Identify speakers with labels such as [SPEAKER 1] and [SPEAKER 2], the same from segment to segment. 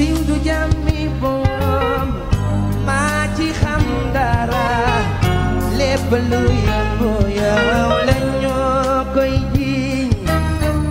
[SPEAKER 1] siiw du jàmmi boom maa ci xam dara lépp lu yëngu yow la ñoo koy jiiñ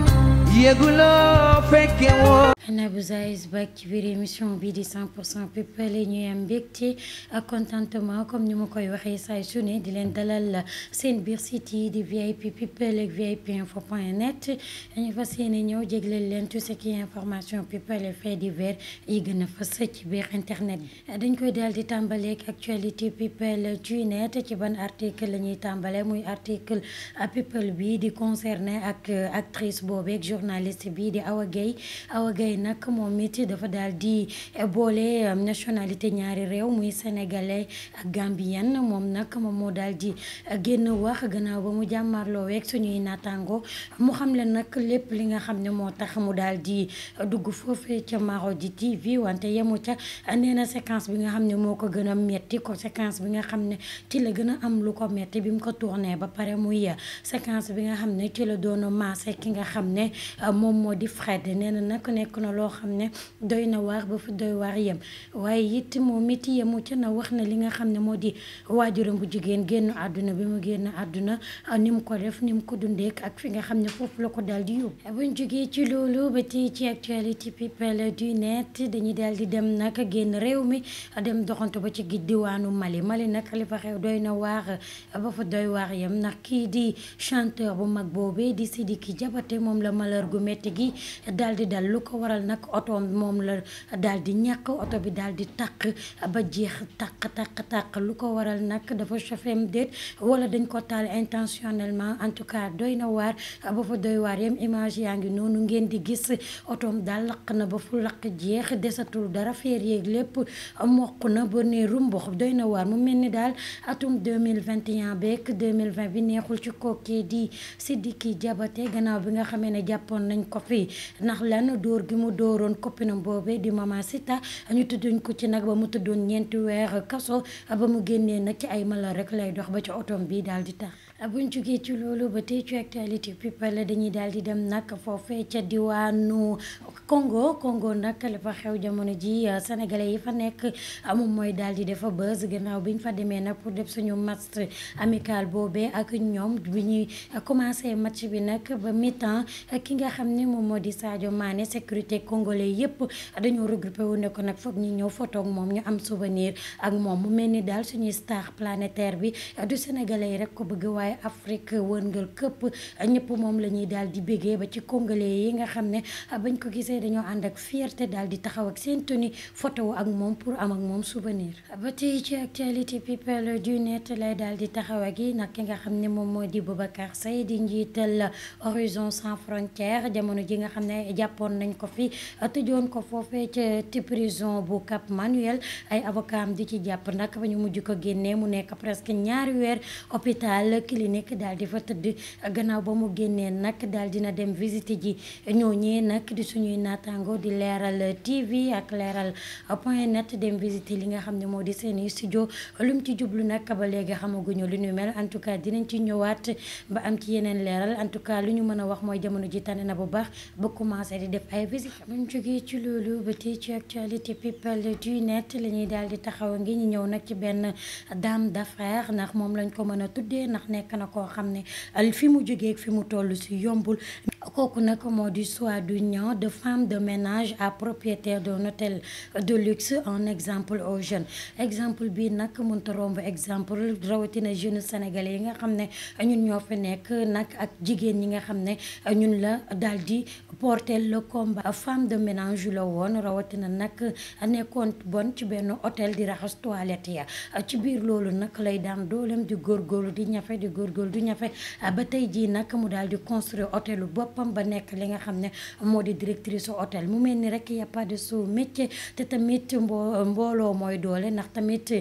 [SPEAKER 1] yëguloo fekke woo Nabou Zaïs Ba ci biir émission bii di 100% people ñu am mbégte ak contentement comme ñu makoy koy say suné di len dalal seen bir city di VIP people ak VIP info point net ñew fas len ñëw jégleel tout ce qui est information people fait faits divers yi gëna a ci biir internet dañ koy daal di tàmbaleek actualité people ci net ci ban article la ñuy tàmbale muy article people bi di concerner ak actrice ak journaliste bi di Awa gay Awa gay nak mom metti dafa daldi di um, nationalité ñaari réew muy sénégalais ak gambien mom nak moom moo daal di wax gannaaw ba mu jàmmarloo weeg suñuy natango mu xam le nak lépp li nga xam mo tax mu daldi dugg fofé ci Marodi TV wante yemu ca nee séquence bi nga xam ne moo ko metti conséquence bi nga xam ne ci la gëna am lu ko metti bi mu ko tourner ba paré muy séquence bi nga xam ne ci la doon maase ki nga xam uh, mom modi Fred nee na loo xam ne doy na waar ba fu doy waar yem waaye it moom it yemu ca na wax na li nga xam ne moo di waajuram bu jigéen génn àdduna bi mu génn àdduna ni mu ko def ni mu ko dundeek ak fi nga xam ne foofu la ko daal di yóbbu. buñ jógee ci loolu ba tey ci actualité people du net dañuy daal di dem nag génn réew mi dem doxantu ba ci diwaanu Mali Mali nag li fa xew doy na waar ba fa doy waax yem nag kii di chanteur bu mag boobee di Sidiki Diabaté moom la malheur gu métti gi waral nag oto moom la daal di ñàkk oto bi daal di tàq ba jeex tàq tàq tàq lu ko waral nag dafa chauffeem déet wala dañ ko taal intentionnellement en tout cas doy na waar ba fa doy waar yem image yaa ngi noonu ngeen di gis otoom daal laq na ba fu laq jeex desatul dara feer yeeg lépp mokk na ba ne rumbox doy na waar mu mel ni daal atum 2021 beeg 2020 bi neexul ci kookee di si Sidiki jabate gannaaw bi nga xamee ne jàppoon nañ ko fii ndax lan dóor gi mu mu dooroon copinam boobe di Mama Sita ñu tudduñ ko ci nag ba mu tuddoon ñeenti weer kaso ba mu génnee nag ci ay mala rekk lay dox ba ci otom bii daal di tax buñ jugee ci loolu ba tey ci actualité people dañuy daal di dem nag foofee ca diwaanu Congo Congo nag la fa xew jamono ji euh, sénégalais yi fa nekk euh, moom mooy daal di def buzz gannaaw bi ñu fa demee nag pour def suñu match amical boobee ak ñoom bi ñuy commencé match bi nag ba mi-temps euh, ki nga xam ne moom moo di Sadio maane sécurité congolais yépp dañoo regroupé wu ne ko nag foog ñu ñëw photo moom ñu am souvenir ak moom mu mel ni daal suñuy star planétaire bi du sénégalais yi rek ko bëgg waaye Afrique wërngal këpp ñëpp moom la ñuy daal di ba ci congolais yi nga xamné bañ ko gisé dañu and ak fierté daal di taxaw ak tenue photo ak moom pour am ak moom souvenir. ba tey ci actuality people du net lay daal di taxaw ak yi nga xamné moom di Boubacar Seye di njiital Horizon sans frontières jamono ji nga xamné japon nañ ko fi tëjoon ko fofé ci prison bu Cap Manuel ay avocat am di ci japp nak bañu mujj ko génné mu nekk presque ñaari wër hôpital. clinique dal di fa tëdd gannaaw ba mu génnee nag daal dina dem visite ji ñooñee nag di suñuy naataango di leeral TV ak leeral point net dem visite li nga xam ne moo di studio lu mu ci jublu nag ba léegi xamaguñu lu ñu mel en tout cas dinañ ci ñëwaat ba am ci yeneen leeral en tout cas lu ñu mën a wax mooy jamono ji tane na bu baax ba commencé di def ay visite buñ jógee ci loolu ba tey ci actualité people du net la ñuy di taxaw ngi ñu ñëw nag ci benn dame d'affaires ndax moom lañ ko nekk na koo xam ne fi mu jógee fi mu toll si yombul kooku nag moo de femme de ménage à propriétaire d'un hôtel de luxe en exemple aux jeunes exemple bi nag mënta romb exemple rawatina jeunes sénégalais yi nga xamné ñun ñoo fi nekk nak ak jigen yi nga xamné ñun la daldi porter le combat femme de ménage yu la woon rawatina nag nekkoon bon ci benn hôtel di raxas toilette ya ci biir lolu nak lay daan dooleem di gorgol di ñafe di gorgol du ñafe ba tay ji nak mu daldi construire hôtelu bop boppam ba nekk li nga xam ne moo di directrice hôtel mu mel ni rek y' a pas de sous te tamit mbo mbooloo mooy doole ndax tamit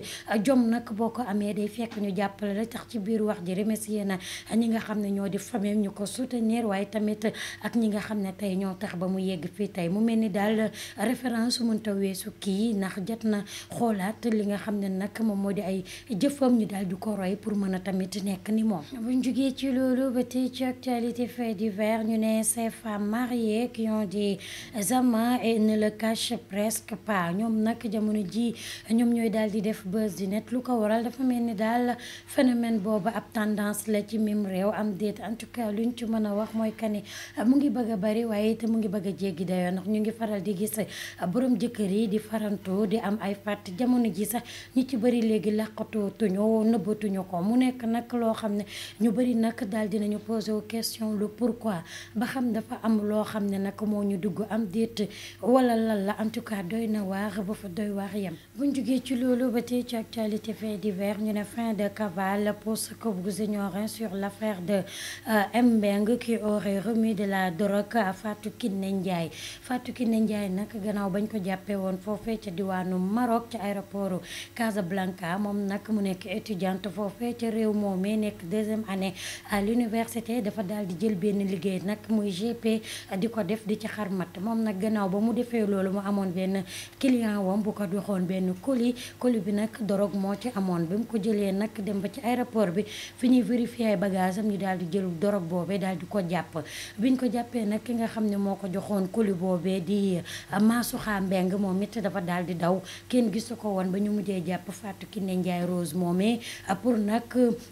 [SPEAKER 1] jom nag boo ko amee day fekk ñu jàppale la tax ci biir wax ji remercier na ñi nga xam ne ñoo di famille ñu ko soutenir waaye tamit ak ñi nga xam ne tey ñoo tax ba mu yegg fii tey mu mel ni daal référence mënta weesu kii ndax jot na xoolaat li nga xam ne nag moom moo di ay jëfam ñu daal di ko roy pour mën a tamit nekk ni moom buñ jugee ci loolu ba tey ci actualité fait divers mais ces femmes mariées qui ont des amants et ne le cachent presque pas ñoom nag jamono ji ñoom ñooy daal di def buzz di net lu ko waral dafa mel ni daal phénomène boobu ab tendance la ci même réew am déet en tout cas luñ ci mën a wax mooy kani mu ngi bëgg a bari waaye te mu ngi bëgg a jéggi dayoo ndax ñu ngi faral di gis boroom jëkkër yi di faranto di am ay fàtt jamono ji sax ñu ci bëri léegi làqatu nëbbatuñu ko mu nekk nag loo xam ne ñu bëri nag daal dinañu posé question lu pourquoi ba xam dafa am loo xam ne nag moo am wala lan la en tout cas doy na waar ba fa doy waar yem buñ jugee ci loolu ba tey ci actualité fait divers ñu ne fin de cavale pour ce que vous ignorez sur l'affaire de euh, Mbeng qui aurait remis de la drogue à Fatou Kiné Ndiaye Fatou Kiné Ndiaye nag gannaaw bañ ko jàppee woon foofee du wano Maroc à l'aéroport. Casablanca moom nag mu nekk étudiante foofee ca réew moomee nekk deuxième année à l'université dafa daal di jël benn muy GP di ko def di ci xar matt moom nag gannaaw ba mu defee loolu mu amoon benn client wam bu ko joxoon benn colis colis bi nag dorog moo ci amoon bi mu ko jëlee nag dem ba ci aéroport bi fi ñuy vérifier bagage am ñu daal di jël dorog boobee daal di ko jàpp biñ ko jàppee nag ki nga xam ne moo ko joxoon colis boobee di Maasuxa Mbeng moom it dafa dal di daw kenn gisu ko woon ba ñu mujjee jàpp ki Kiné Ndiaye Rose moomee pour nag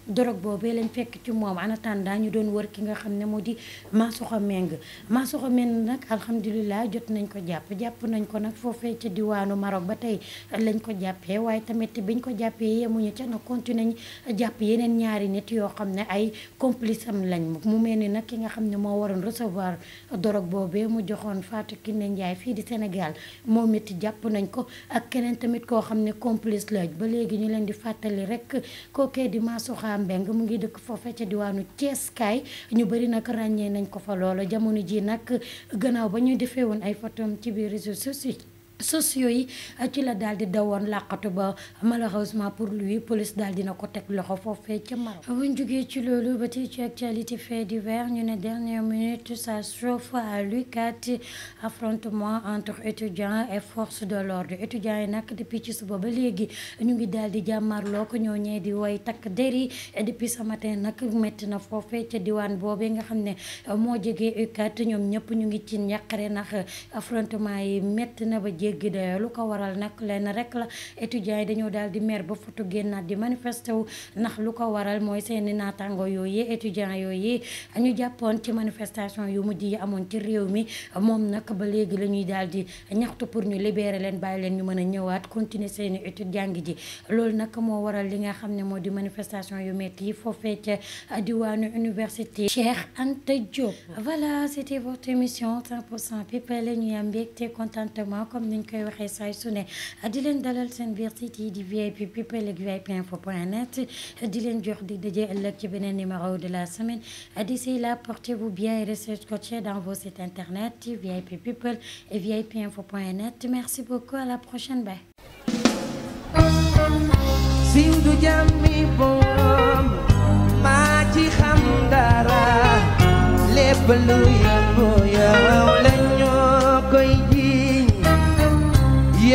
[SPEAKER 1] dorog boobee lañ fekk ci moom en attendant ñu doon wër ki nga xam ne moo di Maasuxa Massoukha Meng Massoukha Meng nag alhamdulilah jot nañ ko jàpp jàpp nañ ko nag foofee ca diwaanu Maroc ba tey lañ ko jàppee waaye tamit biñ ko jàppee yemuñu ca nag continué nañ jàpp yeneen ñaari nit yoo xam ne ay complice am lañ mu mel ni nag ki nga xam ne moo waroon recevoir dorog boobee mu joxoon Fatou Kiné njaay fii di Sénégal moo it jàpp nañ ko ak keneen tamit koo xam ne complice la ba léegi ñu leen di fàttali rek kookee di Massoukha Meng mu ngi dëkk foofee ca diwaanu Thiès kaay ñu bëri nag ràññee nañ ko fa lolo jamono ji nag gannaaw ba ñu defee woon ay photom ci biir réseaux sociaux sociaux yi ah, ci la daal di dawoon làqatu ba malheureusement pour lui police daal dina ko teg loxo foofee ca Maroc. Ah, bu ñu jugee ci loolu ba tey ci actualité fait divers ñu ne dernière minute ça chauffe à Lucas ci affrontement entre étudiants et forces de l'ordre étudiants yi nag depuis ci suba ba léegi ñu ngi daal di jàmmarloo ko ñoo ñee di way takk deri depuis ce matin nag métti na foofee ca diwaan boobee nga xam ne moo jege UCAD ñoom ñëpp ñu ngi ci njàqare ndax jéggi dayoo lu ko waral nak len rek la étudiant yi dañoo daal di mer ba foto génnaat di manifester wu lu ko waral moy seeni natango yoyé étudiant yoyé ñu jàppoon ci manifestation yu mujj yi amoon ci réew mi mom nak ba légui lañuy daldi ñaxtu pour ñu libérer len bàyyi len ñu mëna ñëwaat continuer seeni étude jàngi ji lool nak mo waral li nga xamné ne di manifestation yu metti fofé ci ca université Cheikh Anta Diop voilà c'était votre émission 100 pour 100 people ñu am té contentement comme que vous koy waxee à Dylan ne di leen dalal seen biir VIP numéro de la semaine d'ici là portez-vous bien et restez scotchés dans vos sites internet VIP people et VIP info.net merci beaucoup à la prochaine bye.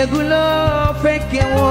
[SPEAKER 1] Diego López, que amor.